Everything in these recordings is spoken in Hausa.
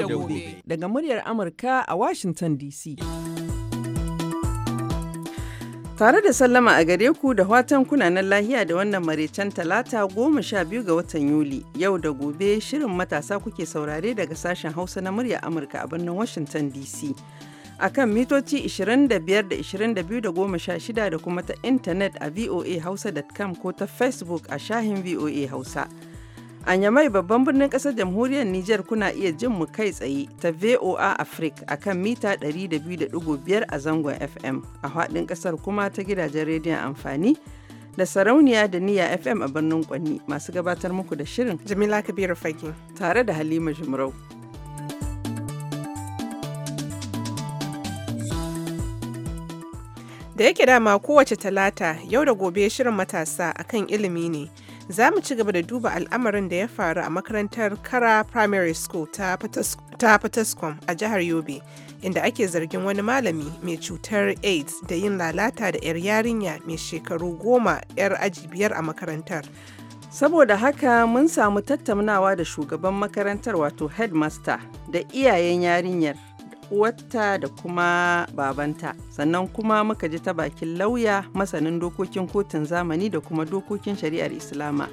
da gobe daga muryar Amurka a Washington DC. Tare da sallama a gare ku da watan kunanan lahiya da wannan maraicen talata goma sha biyu ga watan Yuli yau da gobe shirin matasa kuke saurare daga sashen Hausa na muryar Amurka a birnin Washington DC. a kan mitoci 25 da 22 da 16 da kuma ta intanet a voahausa.com ko ta facebook a shahin voa hausa. A Nyamai babban birnin ƙasar jamhuriyar Nijar kuna iya jin mu kai tsaye ta VOA Africa a kan mita 200.5 a zangon FM a haɗin ƙasar kuma ta gidajen rediyon amfani da sarauniya da niya FM a birnin Kwanni masu gabatar muku da shirin. Jamila Kabiru fakin Tare da Halima Jumrau. Da yake dama kowace talata yau da gobe shirin matasa akan ilimi ne. za mu ci gaba da duba al'amarin da ya faru a makarantar kara primary school ta fataskom a jihar yobe inda ake zargin wani malami mai cutar aids da yin lalata da 'yar yarinya mai shekaru goma 'yar aji biyar a makarantar saboda haka mun samu tattaunawa da shugaban makarantar wato headmaster da iyayen yarinyar uwarta da kuma babanta sannan kuma muka ji ta bakin lauya masanin dokokin kotun zamani da kuma dokokin shari'ar islama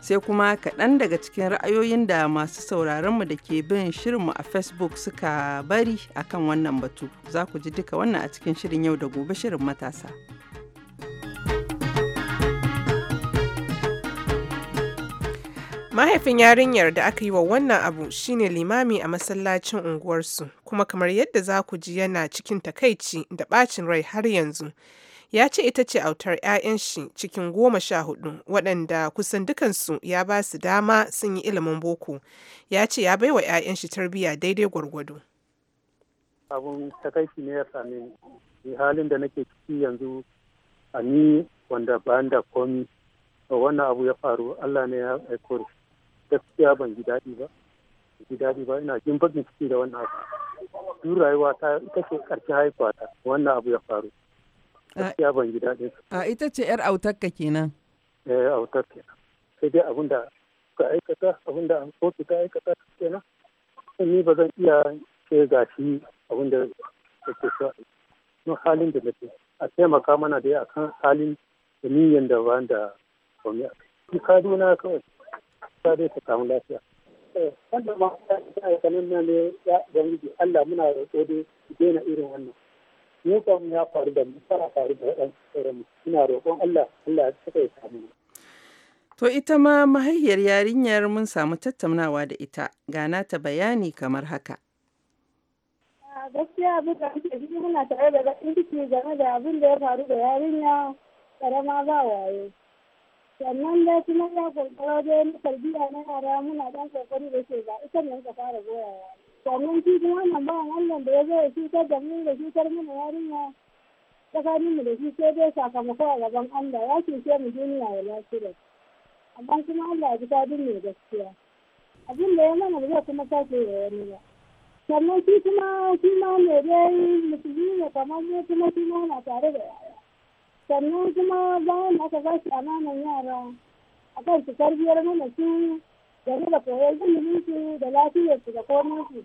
sai kuma kaɗan daga cikin ra'ayoyin da masu sauraronmu da ke bin shirinmu a facebook suka bari akan wannan batu za ku ji duka wannan a cikin shirin yau da gobe shirin matasa. mahaifin yarinyar da aka yi wa wannan abu shine limami a masallacin unguwarsu kuma kamar yadda za ku ji yana cikin takaici da bacin rai har yanzu ya ce ita ce autar 'ya'yan shi cikin goma sha hudu waɗanda kusan dukansu ya ba su dama sun yi ilimin boko ya ce ya baiwa 'ya'yan shi tarbiyya daidai gwargwado abun takaici ne ya ni halin da nake ciki yanzu a ni wanda ba da komi wannan abu ya faru allah ne ya aiko gaskiya ban ji daɗi ba ji daɗi ba ina jin baƙin ciki da wannan abu duk rayuwa ta ita ce ƙarshen haihuwa ta wannan abu ya faru gaskiya ban ji daɗin a ita ce yar autarka kenan eh autar kenan sai dai abin da ka aikata abin da kotu ta aikata kenan ni ba zan iya ce ga shi abin da kake so a halin da nake a taimaka mana dai akan halin da niyyar da wanda komai a kai kaduna kawai ƙasa dai ta samu lafiya. Eh, wanda ma aikanin nan ne ya ubangiji Allah muna roƙo dai daina irin wannan. Mu kam ya faru da mu fara faru da waɗansu sauran mu. Muna roƙon Allah Allah ya saka ya samu. To ita ma mahaifiyar yarinyar mun samu tattaunawa da ita gana ta bayani kamar haka. Gaskiya abin da muke ji muna tare da baƙin ciki game da abin da ya faru da yarinya ƙarama ba waye. sannan da kuma ya kokaro dai na biya na yara muna dan kokari da ke ba ita ne ka fara goyawa sannan shi kuma wannan ba wannan da ya zo ya cutar da mu da cutar mana yarinya tsakanin mu da shi sai dai sakamako a gaban Allah ya cuce mu duniya ya lafiya amma kuma Allah ya ji dadin mu gaskiya abin da ya mana ba kuma sake ya wani ba sannan shi kuma shi ma ne dai musulmi ne kamar mu kuma shi ma na tare da yaya sannan kuma zaman da aka a amanan yara a kan su tarbiyar mana su da da koyar ilimin su da lafiyar su da komai su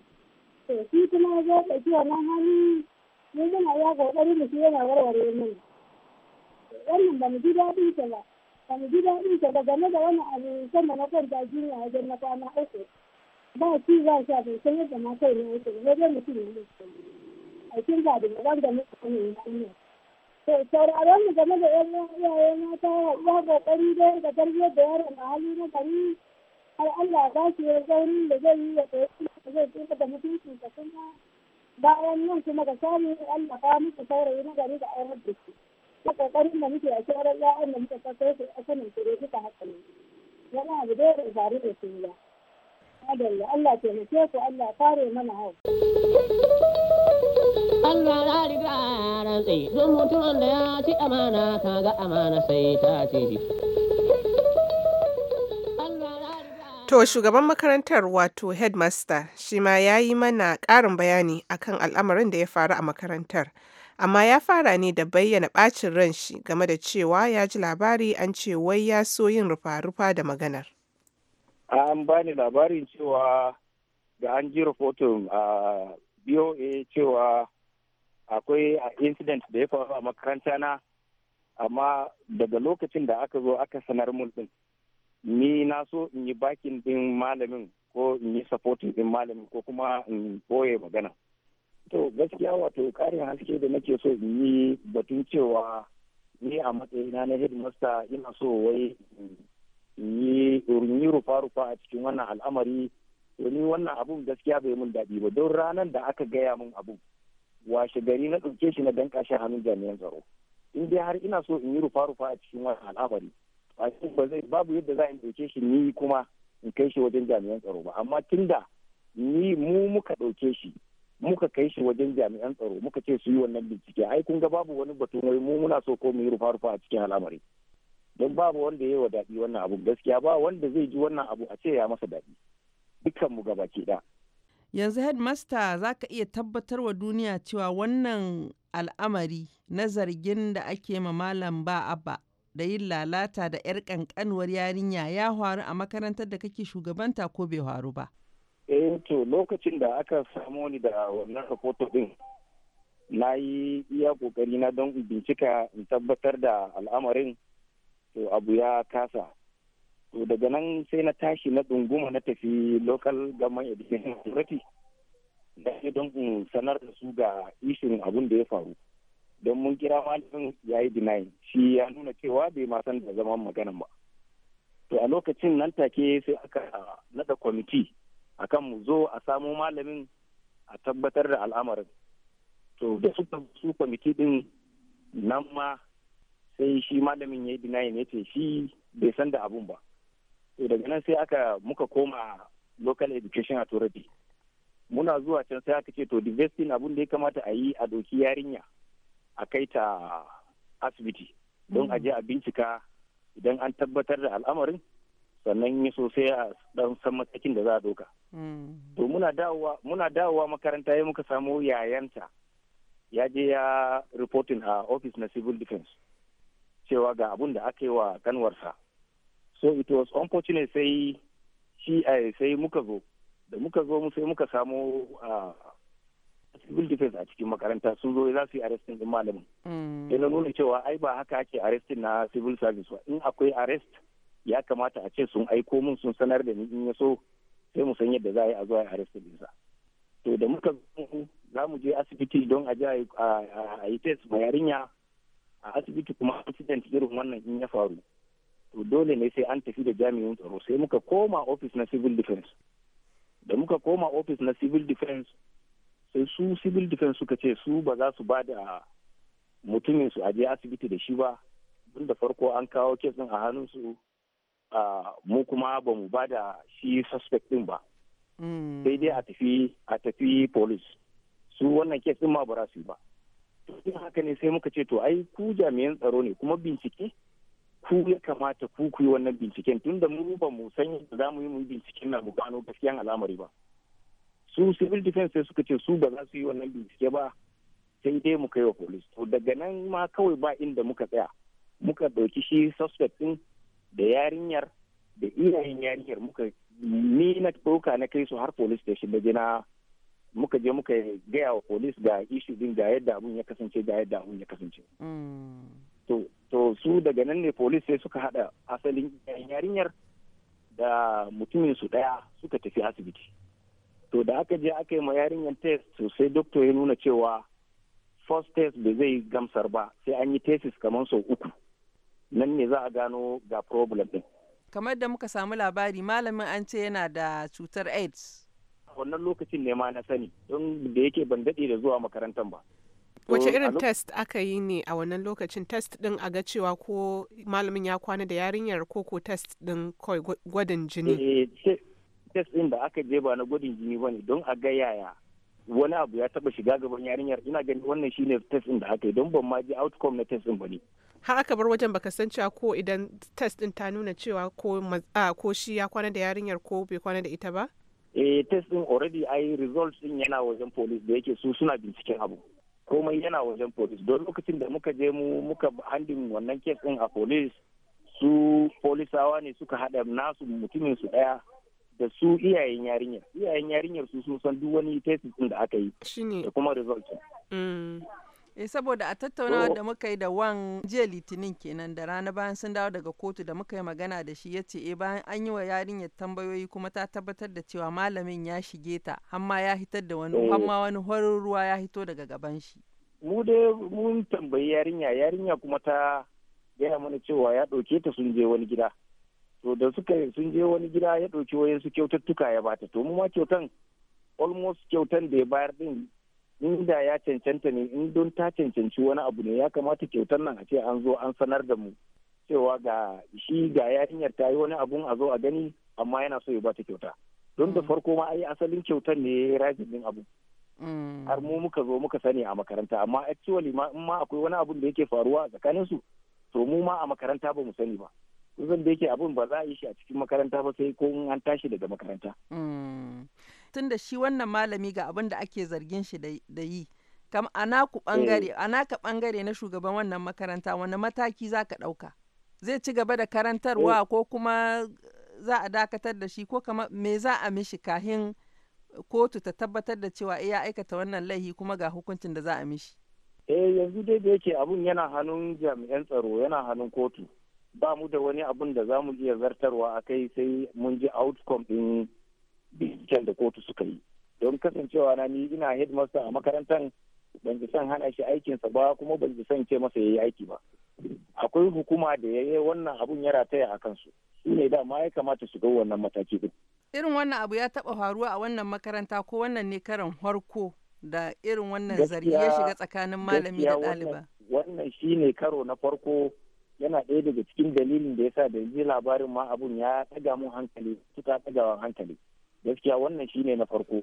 to shi kuma zai ɗauki wannan hali mun yana ya kokari mu shi yana warware mun wannan ba mu ji daɗin ta ba ba mu ji daɗin ta ba game da wani abu sama na kwanta jiya a jan na kwana uku ba ci ba sha bai san yadda ma kai ne yake ba zai mutum ne a cikin zaɓi da ban da mutum ne To sauraron mu game da yan iyaye mata ya kokari dai da tarbiyyar da yaron a hali na gari har Allah ba shi ya zauri da zai yi ya koyi da zai tsira da mutunci da kuma bayan nan kuma ga sami Allah ba musu saurayi na gari da ayar da shi. Ta kokarin da muke a sauran ya'yan da muka sako su a sanin su dai duka haka Yana abu dai da faru da su ba. Allah taimake ku Allah kare mana hau. Allah ya riga ya rantse don mutumin da ya ci amana kaga amana sai ta ce To shugaban makarantar wato headmaster shi ma ya yi mana ƙarin bayani akan al'amarin da ya faru a makarantar. Amma ya fara ne da bayyana ɓacin ran shi game da cewa ya ji labari an ce wai ya so yin rufa-rufa da maganar. An bani labarin cewa da an ji rahoton a BOA cewa akwai incident da ya faru a makaranta na amma daga lokacin da aka zo aka sanar mun din ni na so in yi bakin din malamin ko in yi supporting din malamin ko kuma in boye magana to gaskiya wato karin haske da nake so in yi batun cewa ni a matsayina na headmaster ina so wai in yi rufa-rufa a cikin wannan al'amari to wannan abun gaskiya bai mun daɗi ba don ranar da aka gaya mun abun washe gari na ɗauke shi na danka shi hannun jami'an tsaro in dai har ina so in yi rufa-rufa a cikin wannan al'amari ba ba zai babu yadda za in ɗauke shi ni kuma in kai shi wajen jami'an tsaro ba amma tunda ni mu muka ɗauke shi muka kai shi wajen jami'an tsaro muka ce su yi wannan bincike ai kun ga babu wani batun wai mu muna so ko mu yi rufa-rufa a cikin al'amari don babu wanda ya yi wa daɗi wannan abu gaskiya ba wanda zai ji wannan abu a ce ya masa daɗi dukkan mu gaba ke da Yanzu Headmaster za ka iya tabbatar wa duniya cewa wannan al'amari na zargin da ake ma Malam ba abba da yin lalata da 'yar kankanuwar yarinya ya faru a makarantar da kake shugabanta ko bai faru ba. Eh to lokacin da aka samu ni da wannan rahoto din na yi iya kokari na don bincika in tabbatar da al'amarin to abu ya kasa to daga nan sai na tashi na dunguma na tafi local government education authority da ke don in sanar da su ga ishin abun da ya faru don mun kira malamin ya yi denying shi ya nuna cewa bai ma san da zaman maganan ba to a lokacin nan take sai aka nada kwamiti akan mu zo a samo malamin a tabbatar da al'amarin to da su kwamiti din nan ma sai shi malamin ya yi denying ya ce shi bai san da abun ba to daga nan sai aka muka koma local education authority muna zuwa can sai aka ce to divesting abun da ya kamata a yi a doki yarinya a kai ta asibiti don a je a bincika idan an tabbatar da al'amarin sannan yi sosai a dan san matakin da za a doka mm. to muna dawowa makaranta ya muka samu yayanta ya je ya reporting a office na civil defense cewa ga abun da aka yi wa kanwarsa so it was unfortunate sai shi eh, sai muka zo da muka zo mu sai muka samu ah, civil defense a cikin makaranta sun zo za su yi arrestin din malamin mm. sai na nuna cewa ai ba haka ake arrestin na civil service ba in akwai arrest ya kamata a ce sun aiko mun sun sanar da ni in ya so sai mu san yadda za a yi a zuwa arrestin sa to da muka za mu je asibiti don a je a yi test ma yarinya a asibiti kuma accident irin wannan in ya faru to dole ne sai an tafi da jami'in tsaro sai muka koma ofis na civil defense da muka koma ofis na civil defense sai su civil defense suka ce su ba za su ba da mutumin su aje asibiti da shi ba tun da farko an kawo kesin a hannunsu mu kuma ba mu ba da shi suspect din ba hmm. sai dai a tafi a tafi police su wannan kes din ma ba su ba to haka ne sai muka ce to ai ku jami'an tsaro ne kuma bincike ku ya kamata ku ku yi wannan binciken da mu ba mu san yadda za mu yi mu binciken na mu gano gaskiyan al'amari ba su civil defense sai suka ce su ba za su yi wannan bincike ba sai dai mu kai wa police to daga nan ma kawai ba inda muka tsaya muka ɗauki shi suspect din da yarinyar da iyayen yarinyar muka ni na ɗauka na kai su har police station da jina muka je muka gaya wa police ga issue din ga yadda abun ya kasance ga yadda abun ya kasance mm. to to su daga nan ne police sai suka hada asalin yarinyar da mutumin su daya suka tafi asibiti to da aka je aka yi ma yarinyar test to sai doctor ya nuna cewa first test bai zai gamsar ba sai an yi tesis kamar sau uku nan ne za a gano ga problem din kamar da muka samu labari malamin an ce yana da cutar aids wannan lokacin ne ma na sani don da yake ban daɗe da zuwa makarantar ba wace irin test aka yi ne a wannan lokacin test din a ga cewa ko malamin ya kwana da yarinyar ko ko test din kawai gwadin jini eh, test din da aka je ba na gwadin jini bane don a ga yaya wani abu ya taba shiga gaban yarinyar ina gani wannan shine test din da aka yi don ban ma ji outcome na test din bane har aka bar wajen baka san cewa ko idan test din ta nuna cewa ko ko shi ya kwana da yarinyar ko bai kwana da ita ba eh test din already ai results din yana wajen police da yake su suna binciken abu komai yana wajen police don lokacin da muka je mu muka handin wannan kes din a police su polisawa ne suka haɗa nasu mutumin su ɗaya da su iyayen yarinyar iyayen yarinyar su sun san duk wani tesis din da aka yi da kuma result mm. Eh saboda a tattaunawa oh. da muka yi da wan jiya litinin kenan da rana bayan sun dawo daga kotu da muka yi magana da shi yace eh bayan an yi wa yarinyar tambayoyi kuma ta tabbatar da cewa malamin ya shige ta hamma ya hitar da wani hamma oh. wani horon ruwa ya hito daga gaban shi. Mu dai mun tambayi yarinya yarinya kuma ta gaya mana cewa ya ɗauke ta sun je wani gida. To da suka sun je wani gida ya ɗauki wayansu kyaututtuka ya bata to mu ma kyautan almost kyautan da ya bayar din in da ya cancanta ne in don ta cancanci wani abu ne ya kamata kyautar nan a ce an zo an sanar da mu cewa ga shi ga yarinyar ta yi wani abun a zo a gani amma yana so ya bata kyauta don da mm. farko ma ai asalin kyautar ne ya rajin din abu mm. har mu muka zo muka sani a makaranta amma actually ma in ma akwai wani abun da yake faruwa a tsakanin su to mu ma a makaranta ba mu sani ba kusan da yake abun ba za a yi shi a cikin makaranta ba sai ko an tashi daga makaranta mm. da shi wannan malami ga abin da ake zargin shi da yi kam ana ku bangare mm. ana ka bangare na shugaban wannan makaranta wani mataki za ka ɗauka zai ci gaba da karantarwa mm. ko kuma za a dakatar da shi ko kama me za a mishi kahin kotu ta tabbatar da cewa eh, ya aikata wannan laihi kuma ga hukuncin da za a mishi eh yanzu dai da yake abun yana hannun jami'an tsaro yana hannun kotu ba mu da wani abun da za mu iya zartarwa a kai sai mun ji outcome din binciken da kotu suka yi don kasancewa na ni ina headmaster a makarantar ban ji san hana shi aikinsa ba kuma ban ji san ce masa ya yi aiki ba akwai hukuma da ya yi wannan abun ya rataya a kansu su ne dama ya kamata su ga wannan mataki din irin wannan abu ya taba faruwa a wannan makaranta ko wannan ne karan harko da irin wannan zargi ya shiga tsakanin malami da ɗaliba wannan shine karo na farko yana ɗaya daga cikin dalilin da ya sa da ji labarin ma abun ya ɗaga mun hankali suka ɗagawa hankali gaskiya wannan shine na farko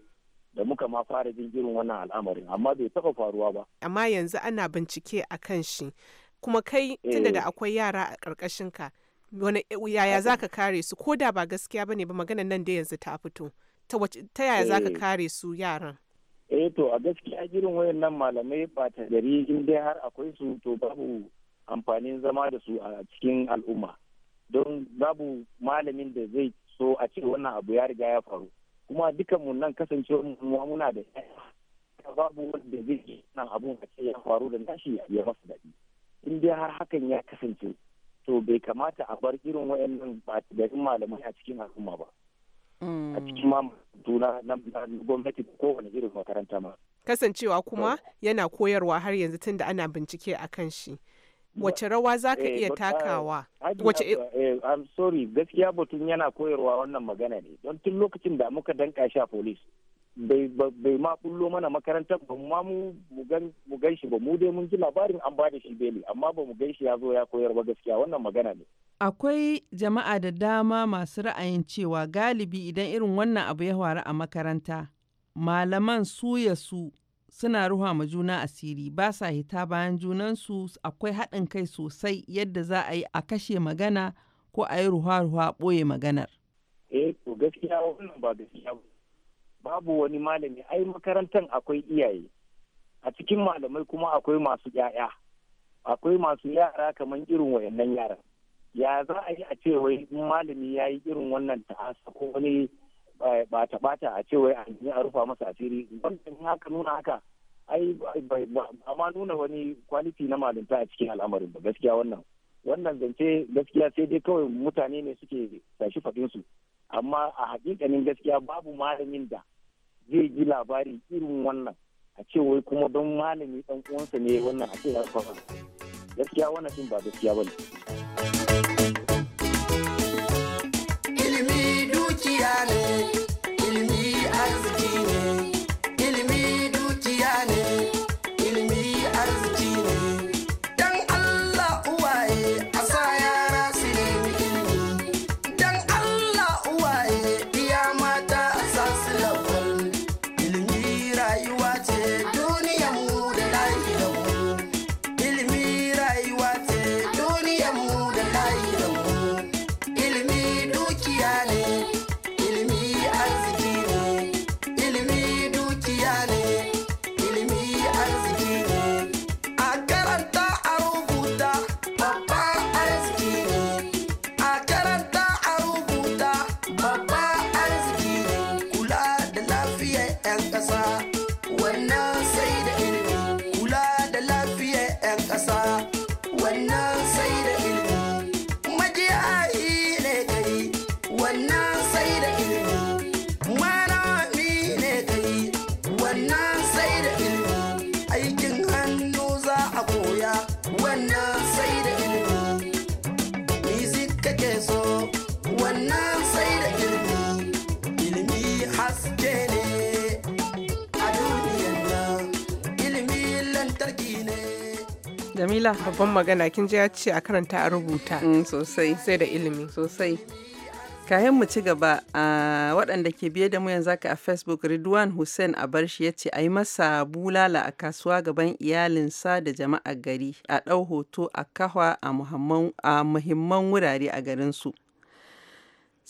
da muka ma fara jin wannan al'amarin amma bai taɓa faruwa ba amma yanzu ana bincike a kan shi kuma kai tunda da eh. akwai yara a ƙarƙashin ka wani yaya za ka kare su ko da ba gaskiya bane ba maganan nan da yanzu ta fito ta yaya za ka eh. kare su yaran eh to a gaskiya irin wayannan malamai ta gari in dai har akwai su to babu amfanin zama da su a cikin al'umma don babu malamin da zai so a ce wannan abu ya riga ya faru kuma dukanmu nan kasancewar mu muna da babu wanda zai yi nan abun a ce ya faru da nashi ya masu daɗi in dai har hakan ya kasance to bai kamata a bar irin wayannan ba garin malamai a cikin al'umma ba a mm. cikin ma na gwamnati wani irin makaranta ma kasancewa kuma yana koyarwa har yanzu tunda ana bincike a kan shi wace rawa za ka eh, iya takawa wace eh, i'm sorry gaskiya batun yana koyarwa wannan magana ne don tun lokacin da muka danka shi a police bai ma bullo mana makarantar ba ma mu mu gan shi ba mu dai mun ji labarin an ba da shi beli amma ba mu gan shi ya zo ya koyar ba gaskiya wannan magana ne akwai jama'a da dama masu ra'ayin cewa galibi idan irin wannan abu ya faru a makaranta malaman su ya su suna ruha ma juna asiri ba sa hita bayan junansu akwai haɗin kai sosai yadda za a yi a kashe magana ko a yi ruwa-ruwa ɓoye maganar. Eh to gaskiya wannan ba gaskiya babu wani malami ai makarantar akwai iyaye a cikin malamai kuma akwai masu ‘ya'ya akwai masu yara kamar irin wayannan yaran ya za a yi a ce wai malami ya yi irin wannan ta'asa ko wani bata bata a ce wai a rufa masa asiri wannan haka nuna haka ai amma nuna wani kwaliti na malinta a cikin al'amarin ba gaskiya wannan wannan zance gaskiya sai dai kawai mutane ne suke tashi faɗin su amma a hakikanin gaskiya babu malamin da zai ji labari irin wannan a ce wai kuma don malami dan uwansa ne wannan a ce ya rufa gaskiya wannan din ba gaskiya bane ilimi dukiya ne jamila babban magana kin ji ya ce a karanta a rubuta mm, sosai sai da ilimi sosai kayan mu ci gaba a waɗanda ke biye da mu yanzu a facebook ridwan hussein abarshi ya ce a yi masa bulala a kasuwa gaban iyalinsa da jama'a gari a ɗau hoto a kahwa a muhimman wurare a garinsu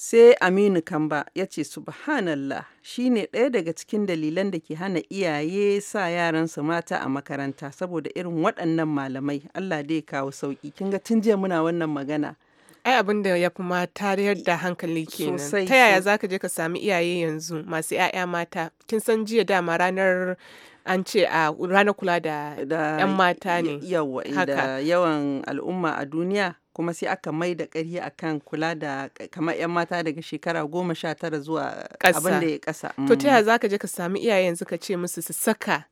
Sai Aminu Kamba ya ce, Subhanallah shi ne ɗaya daga cikin dalilan da ke hana iyaye sa yaransu mata a makaranta saboda irin waɗannan malamai. Allah dai kawo sauƙi. Kin ga tun jiya muna wannan magana. ai abin da ya fi mata da hankali nan ta yaya za ka je ka sami iyaye yanzu masu 'ya'ya mata kin san jiya dama ranar an ce a ranar kula da 'yan mata ne yawan al'umma a duniya kuma sai aka mai da ƙari akan kula da kamar 'yan mata daga shekara goma sha tara zuwa abin da ya ƙasa. To ta mm. za ka je ka sami iyayen suka ce musu su saka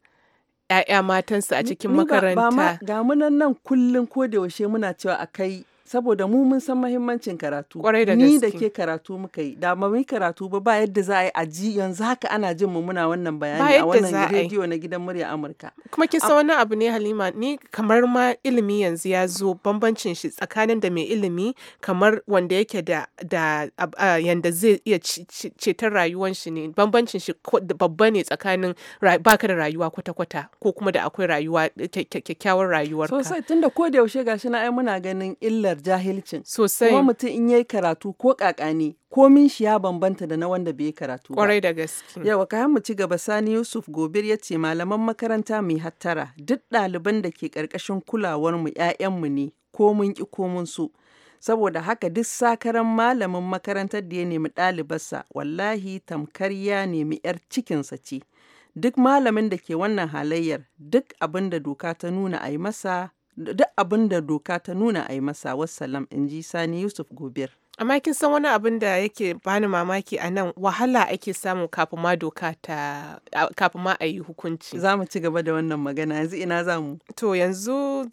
‘ya'ya matansu a cikin makaranta. Ga munan nan kullum ko da yaushe muna cewa a kai saboda mu mun san mahimmancin karatu da ni da ke karatu muka yi da mai karatu ba ba yadda za a yi aji yanzu haka ana jin mu muna wannan bayani a wannan rediyo na gidan murya Amurka kuma ki san wani abu ne Halima ni kamar ma ilimi yanzu ya zo bambancin shi tsakanin da mai ilimi kamar wanda yake da da yanda zai iya cetar rayuwar shi ne bambancin shi babba ne tsakanin baka da rayuwa kwata-kwata ko kuma da akwai rayuwa kyakkyawar ka sosai tunda ko da yaushe gashi na ai muna ganin illar jahilcin sosai kuma mutum in yayi karatu ko kaka ne komin shi ya bambanta da na wanda bai karatu kwarai da gaske yawa kayan mu ci gaba sani yusuf gobir ya ce malaman makaranta mai hattara duk ɗaliban da ke ƙarƙashin kulawar mu mu ne ko mun ki ko mun so saboda haka duk sakaran malamin makarantar da ya nemi ɗalibarsa wallahi tamkar ya nemi 'yar cikinsa ce duk malamin da ke wannan halayyar duk abin da doka ta nuna a yi masa duk abin da doka ta nuna a yi masa wassalam in ji sani yusuf gobir amma kin san wani abin da yake bani mamaki a nan wahala ake samu kafin ma doka ta kafin ma a yi hukunci za mu ci gaba da wannan magana yanzu ina za mu to yanzu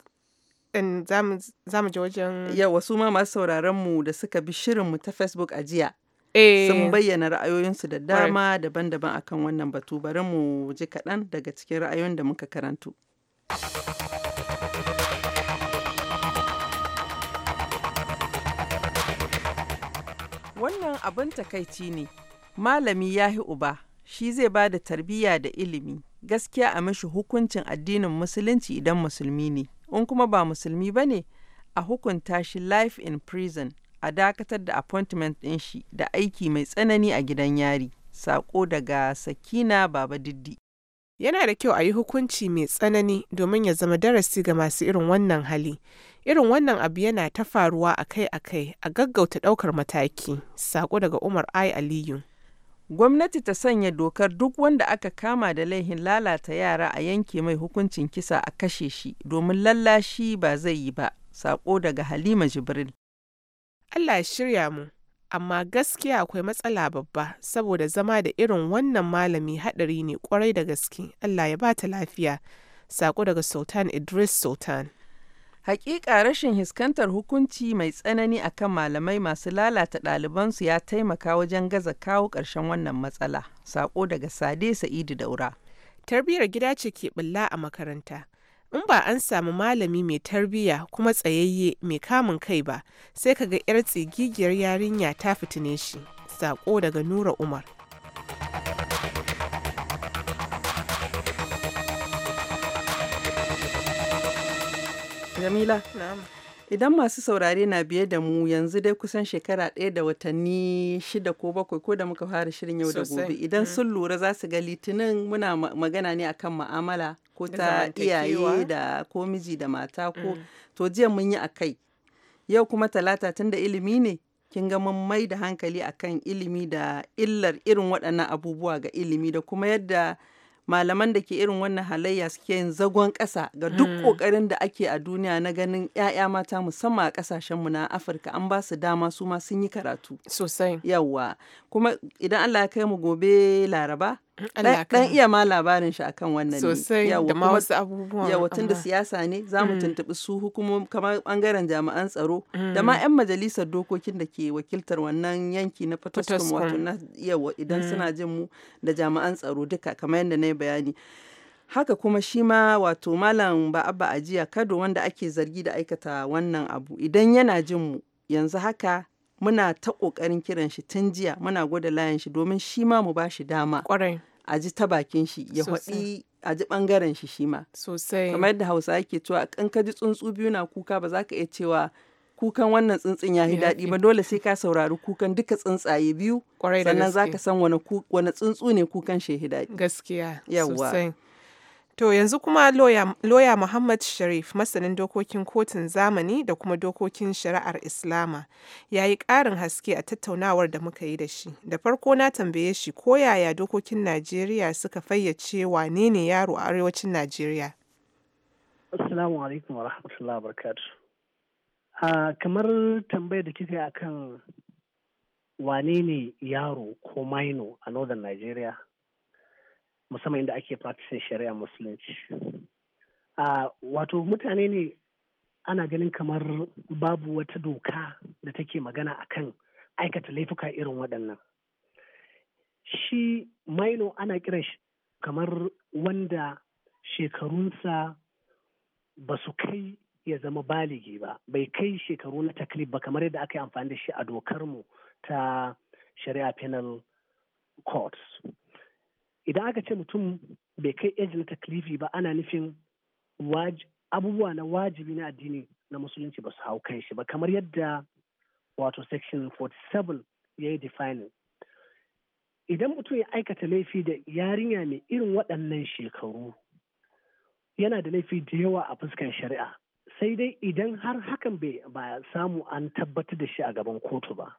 za mu je wajen yawa wasu ma masu sauraron mu da suka bi shirin mu ta facebook a jiya eh. sun bayyana ra'ayoyinsu da dama daban-daban akan wannan batu bari mu ji kaɗan daga cikin ra'ayoyin da muka karantu. wannan abin takaici ne malami ya uba shi zai ba da tarbiyya da ilimi gaskiya a mashi hukuncin addinin musulunci idan musulmi ne in kuma ba musulmi ba ne a hukunta shi life in prison a dakatar da appointment ɗin shi da aiki mai tsanani a gidan yari sako daga sakina baba diddi Yana da kyau a yi hukunci mai tsanani domin ya zama darasi ga masu irin wannan hali. Irin wannan abu yana ta faruwa akai-akai a gaggauta ɗaukar mataki. Sako daga Umar ai Aliyu. Gwamnati ta sanya dokar duk wanda aka kama da laihin lalata yara a yanke mai hukuncin kisa a kashe shi domin lallashi ba zai yi ba. Sako daga Halima Jibril. Allah ya shirya mu. amma gaskiya akwai matsala babba saboda zama da irin wannan malami haɗari ne kwarai da gaske Allah ya ba ta lafiya sako daga Sultan Idris Sultan Hakika rashin hiskantar hukunci mai tsanani akan malamai masu lalata ɗalibansu ya taimaka wajen gaza kawo ƙarshen wannan matsala sako daga Sade Sa'idu Daura Tarbiyyar gida ce ke bulla a makaranta in ba an samu malami mai tarbiyya kuma tsayayye mai kamun kai ba sai ka ga 'yar tsigigiyar yarinya ta fitine shi sako daga nura umar jamila Idan masu saurare na biye da mu yanzu dai kusan shekara ɗaya da watanni shida ko bakwai ko da muka fara shirin yau da gobe idan mm. sun lura za su ga litinin muna magana ne akan ma'amala ko ta iyaye da ko miji da mata ko mm. to jiya mun yi a kai yau kuma talata tun da ilimi ne kin ga mun mai da hankali akan ilimi da illar irin waɗannan abubuwa ga ilimi da kuma yadda malaman da ke irin wannan halayya suke yin zagon ƙasa ga duk hmm. ƙoƙarin da ake a duniya na ganin 'ya'ya mata musamman a mu na afirka an ba su dama su ma sun yi karatu sosai yawa kuma idan allah ya kai mu gobe laraba dan iya ma labarin shi akan wannan sosai da ma wasu abubuwan yawa tun siyasa ne za mu mm. tuntuɓi su hukumomi kamar bangaren jami'an tsaro da ma 'yan mm. majalisar dokokin da ke wakiltar wannan yanki na fatoskum wato na yawa idan mm. suna jin mu da jami'an tsaro duka kamar yadda na yi bayani haka kuma shi ma wato malam ba ba'abba ajiya kado wanda ake zargi da aikata wannan abu idan yana jin mu yanzu haka muna ta ƙoƙarin kiran shi tun jiya muna gwada layin shi domin shi ma mu ba shi dama a ji ta bakin shi ya faɗi a ji ɓangaren shi shi ma sosai kamar yadda hausa ake cewa kan ka ji tsuntsu biyu na kuka ba za ka iya cewa kukan wannan tsuntsun ya yi daɗi ba dole sai ka saurari kukan duka tsuntsaye biyu sannan za ka san wani tsuntsu ne kukan shi ya daɗi gaskiya sosai To yanzu kuma Loya Muhammad Sharif masanin dokokin kotun zamani da kuma dokokin shari'ar Islama ya yi ƙarin haske a tattaunawar da muka yi da shi. Da farko na tambaye shi ko yaya dokokin Najeriya suka fayyace wane ne yaro a arewacin Najeriya. Assalamu alaikum wa rahmatullahi wa ah, kamar tambayar da kika yi akan wane ne yaro ko maino a Northern Nigeria musamman inda ake practicing shari'a musulunci wato mutane ne ana ganin kamar babu wata doka da take magana akan aikata laifuka irin waɗannan shi maino ana kiran shi kamar wanda shekarunsa ba su kai ya zama baligi ba bai kai shekaru na taklif ba kamar yadda aka yi amfani da shi a dokarmu ta shari'a penal courts idan aka ce mutum bai kai ejin taklifi ba ana nufin abubuwa na wajibi na addini na musulunci ba su hau kan shi ba kamar yadda wato section 47 ya yi defining idan mutum ya aikata laifi da yarinya mai irin waɗannan shekaru yana da laifi da yawa a fuskan shari'a sai dai idan har hakan bai ba samu an tabbatar da shi a gaban kotu ba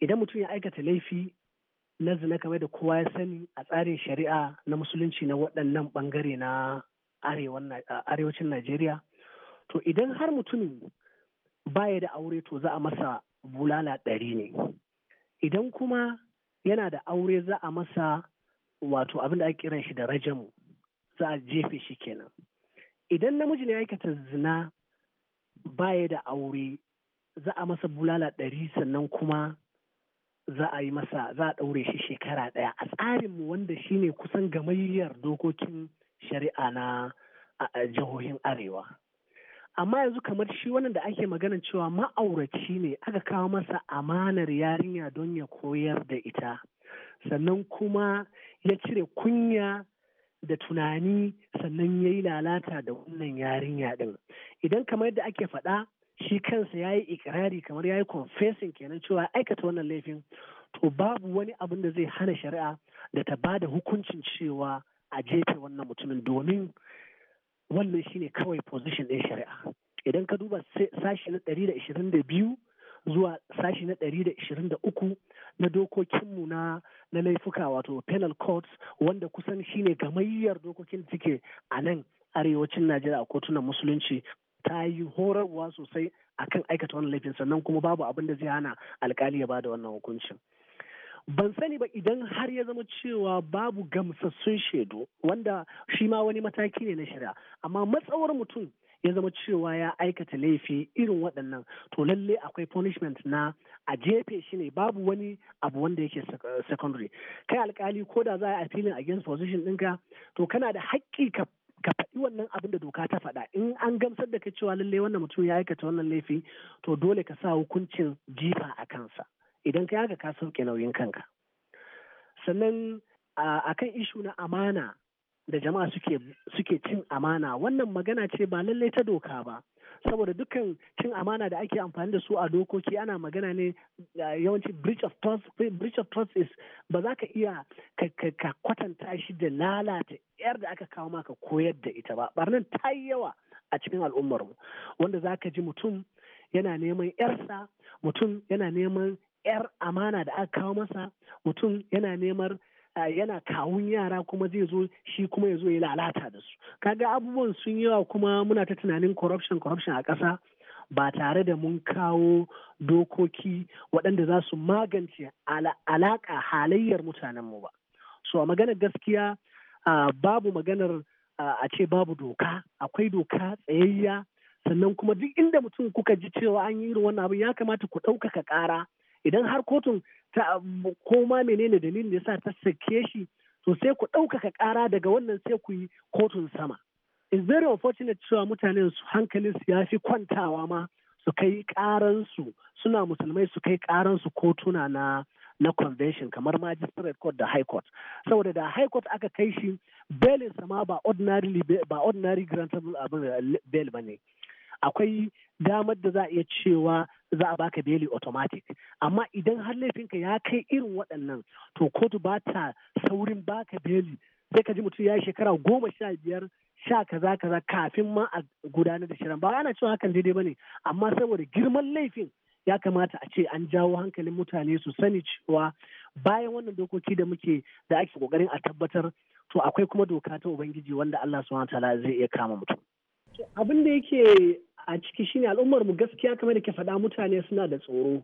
idan mutum ya aikata laifi na zina kamar da kowa ya sani a tsarin shari'a na musulunci na waɗannan ɓangare na arewacin Najeriya. To idan har mutumin baya da aure to za a masa bulala ɗari ne. Idan kuma yana da aure za a masa wato abin da ake kiran shi da rajamu za a jefe shi kenan. Idan namiji ne aikata zina baya da aure za a masa bulala ɗari sannan kuma za a yi masa za a ɗaure shi shekara ɗaya a tsarinmu wanda shine kusan gamayyar dokokin shari'a na jihohin arewa amma yanzu kamar shi wannan da ake magana cewa ma'auraci ne aka kawo masa amanar yarinya don ya koyar da ita sannan kuma ya cire kunya da tunani sannan ya yi lalata da wannan yarinya din. idan kamar yadda ake faɗa shi kansa ya yi ikirari kamar ya yi confessing kenan cewa aikata wannan laifin to babu wani abin da zai hana shari'a da ta ba da hukuncin cewa a jefe wannan mutumin domin wannan shine kawai position ɗin shari'a idan ka duba sashi na 122 zuwa sashi na 123 na dokokinmu na na laifuka wato penal courts wanda kusan shine gamayyar dokokin da suke a nan arewacin najeriya a kotunan musulunci ta yi horarwa sosai akan aikata wannan laifin sannan kuma babu abin da zai hana alkali ya bada wannan hukuncin ban sani ba idan har ya zama cewa babu gamsassun shaidu wanda shi ma wani mataki ne na shari'a amma matsawar mutum ya zama cewa ya aikata laifi irin waɗannan to lalle akwai punishment na a jefe shi ne babu wani abu wanda yake secondary kai alkali ko da za a filin against position ɗinka to kana da haƙƙi ka ka faɗi wannan abin da doka ta faɗa in an gamsar da ka cewa lalle wannan mutum ya aikata wannan laifi to dole ka sa hukuncin jifa a kansa idan ka yaga ka sauke nauyin kanka sannan a kan ishu na amana da jama'a suke cin amana wannan magana ce ba lallai ta doka ba saboda dukkan cin amana da ake amfani da su a dokoki ana magana ne yawanci breach of trust breach of trust is ba za ka iya ka kwatanta shi da lalata yar da aka kawo maka koyar da ita ba barnan ta yi yawa a cikin al'ummar mu wanda za ka ji mutum yana neman yarsa mutum yana neman yar amana da aka kawo masa mutum yana neman yana kawun yara kuma zai zo shi kuma ya zo ya lalata da su kaga abubuwan sun yi yawa kuma muna ta tunanin corruption corruption a ƙasa ba tare da mun kawo dokoki waɗanda za su magance alaƙa halayyar mutanenmu ba so a maganar gaskiya babu maganar a ce babu doka akwai doka tsayayya sannan kuma duk inda mutum kuka ji cewa an yi irin wannan abu ya kamata ku ɗaukaka ƙara idan har kotun ta koma menene dalilin yasa ta sake shi to sai ku ɗaukaka ƙara daga wannan sai ku yi kotun sama is very unfortunate cewa mutanen su hankalin su ya fi kwantawa ma su kai ƙaransu suna musulmai su kai ƙaransu kotuna na na convention kamar magistrate court da high court saboda da high court aka kai shi belinsa ma ba ordinary ba ordinary grantable abin bel bane akwai damar da za a iya cewa za a baka beli automatic amma idan har laifinka ya kai irin waɗannan to kotu ba ta saurin baka beli sai ka ji mutum ya yi shekara goma sha biyar sha kaza kaza kafin ma a gudanar da shirin ba ana cewa hakan daidai ba ne. amma saboda girman laifin ya kamata a ce an jawo hankalin mutane su sani cewa bayan wannan dokoki da muke da ake kokarin a tabbatar to akwai kuma doka ta ubangiji wanda Allah subhanahu Tala zai iya kama mutum abin da yake a ciki shine al'ummar mu gaskiya kamar da ke faɗa mutane suna da tsoro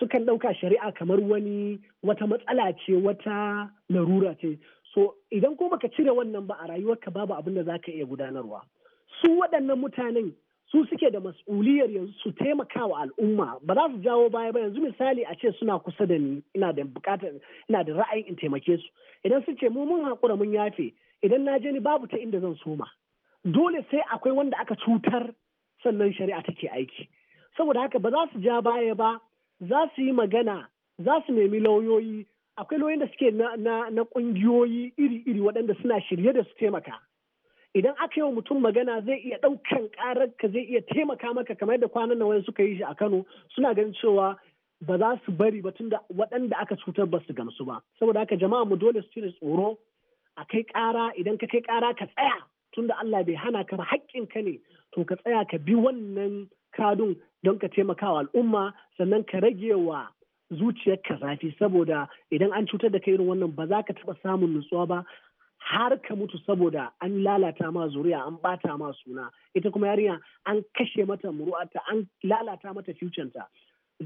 sukan ɗauka shari'a kamar wani wata matsala ce wata larura ce so idan ko baka cire wannan ba a rayuwarka babu abin da zaka iya gudanarwa su waɗannan mutanen su suke da mas'uliyar yanzu su taimaka wa al'umma ba za su jawo baya ba yanzu misali a ce suna kusa da ni ina da bukatar ina da ra'ayin in taimake su idan su ce mu mun hakura mun yafe idan na je ni babu ta inda zan soma dole sai akwai wanda aka cutar sannan shari'a take aiki saboda haka ba za su ja baya ba za su yi magana za su nemi lauyoyi akwai lauyoyin da suke na, na, kungiyoyi iri-iri waɗanda suna shirye da su taimaka idan aka yi mutum magana zai iya ɗaukan ƙarar ka zai iya taimaka maka kamar yadda kwanan nan wani suka yi shi a Kano suna ganin cewa ba za su bari ba tunda waɗanda aka cutar ba su gamsu ba saboda haka jama'a mu dole su cire tsoro a kai ƙara idan ka kai ƙara ka tsaya tunda Allah bai hana ka ba haƙƙin ka ne to ka tsaya ka bi wannan kadun don ka taimakawa al'umma sannan ka rage wa zuciyarka zafi saboda idan an cutar da kai irin wannan ba za ka taɓa samun nutsuwa ba har ka mutu saboda an lalata ma zuriya an bata ma suna ita kuma yarinya an kashe mata muru'arta an lalata mata ta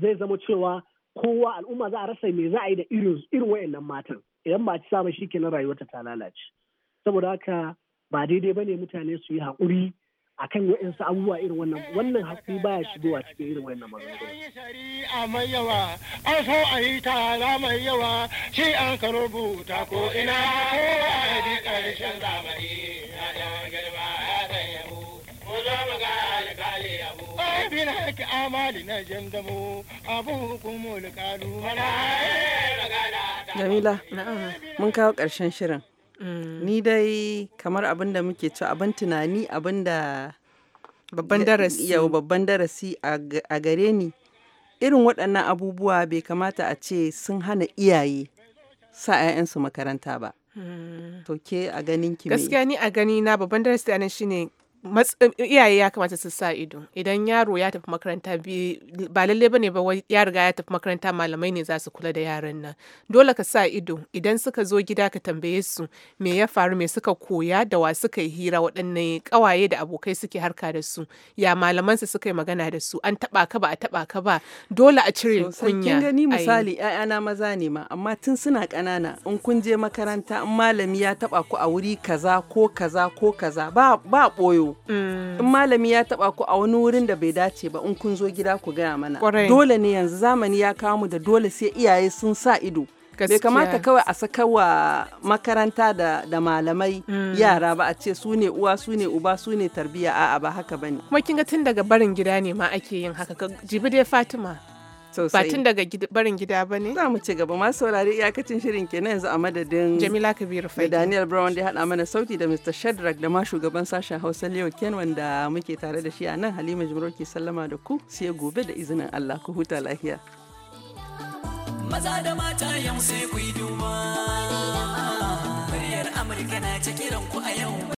zai zama cewa kowa al'umma za a rasa me za a yi da irin irin wayannan matan idan ba ci sa ba shi kenan rayuwarta ta lalace saboda haka ba daidai ba ne mutane su yi haƙuri a akan wa'insu abubuwa irin wannan wannan haƙi baya shigowa cikin irin wannan maganganu. shari'a mai yawa an so a yi tara mai yawa shi an ka rubuta ko ina ko a yi ƙarshen zamani na da girma ya ko abu Jamila, mun kawo ƙarshen shirin. Mm. Ni dai kamar abin da muke ci abin tunani abin da babban darasi yau babban darasi a gare ni irin waɗannan abubuwa bai kamata a ce sun hana iyaye sa 'ya'yansu makaranta ba. Mm. To ke a ganin ki Gaskiya ni a gani na babban darasi a nan shine iyaye ya kamata su sa ido idan yaro ya tafi makaranta ba lalle ne ba ya riga ya tafi makaranta malamai ne za su kula da yaran nan dole ka sa ido idan suka zo gida ka tambaye su me ya faru me suka koya da wa suka yi hira waɗannan kawaye da abokai suke harka da su ya malaman su suka yi magana da su an taba ka ba a taba ka ba dole a cire kunya kin gani misali ƴaƴana maza ne ma amma tun suna ƙanana in kun je makaranta in malami ya taba ku a wuri kaza ko kaza ko kaza ba ba boyo Mm. in malami ya taba ku a wani wurin da bai dace ba in kun zo gida ku gaya mana dole ne yanzu zamani ya kawo mu da dole sai iyaye sun sa ido bai kamata kawai a saka wa makaranta da, da malamai mm. yara ba a ce su ne uwa su ne uba su ne tarbiya a'a ba haka bane kuma kin ga tun daga barin gida ne ma ake yin haka jibi dai Fatima Ba tun daga barin gida ba ne? Za mu ci gaba masu saurari iyakacin shirin kenan yanzu a madadin Jamila Kabiru Fai. Da Daniel Brown da ya haɗa mana sauti da Mr. Shadrack da ma shugaban sashen Hausa Leo Ken wanda muke tare da shi a nan Halima jimro ke sallama da ku sai gobe da izinin Allah ku huta lafiya. Maza da mata yau sai ku yi duba. Muryar Amurka na ta kiran ku a yau.